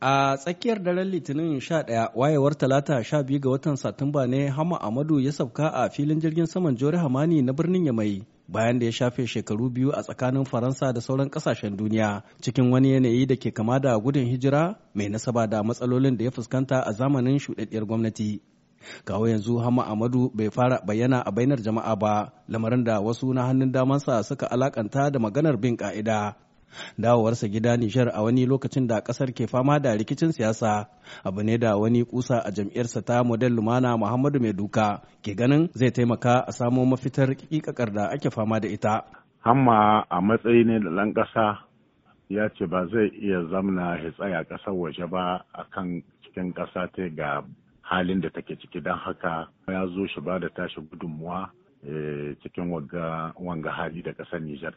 A tsakiyar daren Litinin 11 wayewar Talata 12 ga watan Satumba ne Hama Amadu ya sauka a filin jirgin saman Jori Hamani na birnin Yamai bayan da ya shafe shekaru biyu a tsakanin Faransa da sauran kasashen duniya cikin wani yanayi da ke kama da gudun hijira mai nasaba da matsalolin da ya fuskanta a zamanin shuɗaɗɗiyar gwamnati. Kawo yanzu Hama Amadu bai fara bayyana a bainar jama'a ba, lamarin da wasu na hannun damansa suka alakanta da maganar bin ƙa'ida. dawowarsa gida Nijar a wani lokacin da kasar ke fama da rikicin siyasa abu ne da wani kusa a jam'iyyarsa ta model lumana Muhammadu Maiduka ke ganin zai taimaka a samo mafitar kikakar da ake fama da ita. Hamma a matsayi ne da ɗan ƙasa ya ce ba zai iya zamna ya tsaya ƙasar waje ba a kan cikin ƙasa ta ga halin da take ciki don haka ya zo shi ba da tashi gudunmuwa eh, cikin wanga hali da ƙasar Nijar.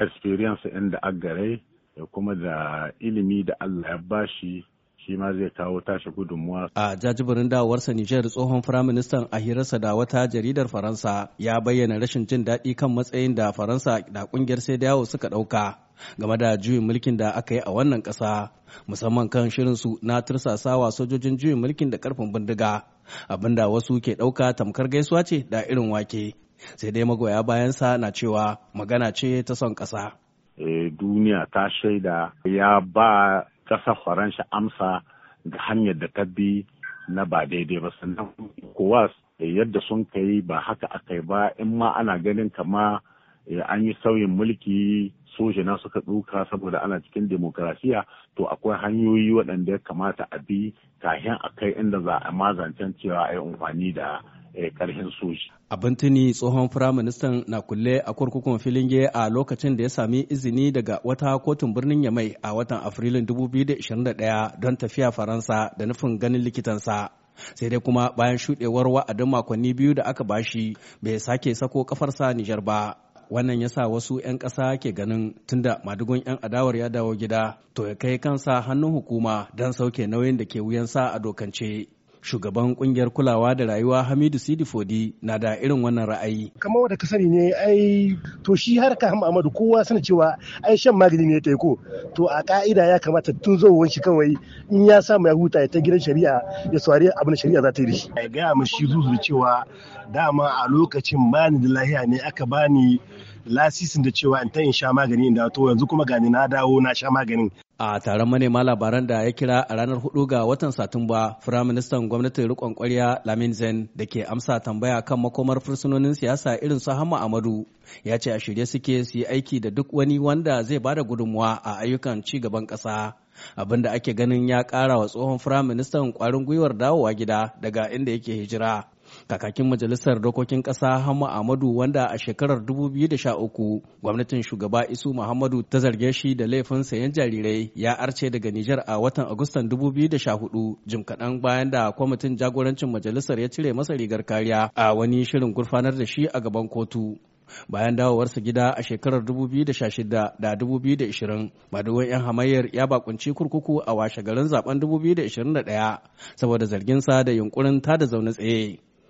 experience ɗin da agare da kuma da ilimi da Allah ya bashi shi ma zai kawo tashi gudunmuwa. A jajibirin dawarsa Nijar tsohon firaministan a hirarsa da wata jaridar Faransa ya bayyana rashin jin daɗi kan matsayin da Faransa da ƙungiyar sai da yawo suka ɗauka game da juyin mulkin da aka yi a wannan ƙasa musamman kan shirinsu na tursasawa sojojin juyin mulkin da ƙarfin bindiga abinda wasu ke ɗauka tamkar gaisuwa ce da irin wake. sai dai magoya bayansa na cewa magana ce ta son ƙasa. Eh, duniya ta shaida ya ba ƙasa faransa amsa ga hanyar da ta bi na ba daidai ba sannan kowa eh, yadda sun kai ba haka aka yi ba in ma ana ganin kama eh, an yi sauyin mulki soja na suka tsuka saboda ana cikin demokarasiya to akwai hanyoyi waɗanda ya kamata a bi kahin a kai inda za a mazancen cewa a yi amfani da Eh, karhin soji. Abin tuni tsohon firaministan na kulle a kurkukun filinge a lokacin da ya sami izini daga wata kotun birnin Yamai a watan Afrilun 2021 don tafiya Faransa da nufin ganin likitansa. Sai dai kuma bayan shuɗewar wa'adin makonni biyu da aka bashi bai sake sako kafarsa Nijar ba. Wannan ya sa wasu 'yan ƙasa ke ganin tunda madugun 'yan adawar ya dawo gida to ya kai kansa hannun hukuma don sauke nauyin da ke wuyansa a dokance. shugaban kungiyar kulawa da rayuwa Hamidu Sidi Fodi na da irin wannan ra'ayi. Kamar wanda ka sani ne ai to shi harka amadu kowa sana cewa ai shan magani ne ta ko to a ka'ida ya kamata tun zowon shi kawai in ya samu ya huta ya ta gidan shari'a ya saurari abin da shari'a za ta yi da shi. Ai gaya ma shi zuzu cewa dama a lokacin bani da lahiya ne aka bani lasisin da cewa in ta in sha magani in dawo to yanzu kuma gani na dawo na sha maganin A taron manema labaran da ya kira a ranar hudu ga watan Satumba, Firaministan gwamnatin rikon kwarya Lamin Zen da ke amsa tambaya kan makomar fursunonin siyasa irin su hama Amadu ya ce a shirye suke su yi aiki da duk wani wanda zai bada gudunmuwa a ayyukan ci gaban ƙasa. Abin da ake ganin ya ƙara wa tsohon Firaministan ƙwarin gwiwar dawowa gida daga inda yake hijira. kakakin majalisar dokokin ƙasa Hamma Ahmadu wanda a shekarar 2013 gwamnatin shugaba Isu Muhammadu ta zarge shi da laifin sayan jarirai ya arce daga Nijar a watan Agustan 2014 jim kaɗan bayan da kwamitin jagorancin majalisar ya cire masa rigar kariya a wani shirin gurfanar da shi a gaban kotu. bayan dawowarsa gida a shekarar 2016 da 2020 maduwan 'yan hamayyar ya bakunci kurkuku a washe garin zaben 2021 saboda zargin sa da yunkurin da zaune tsaye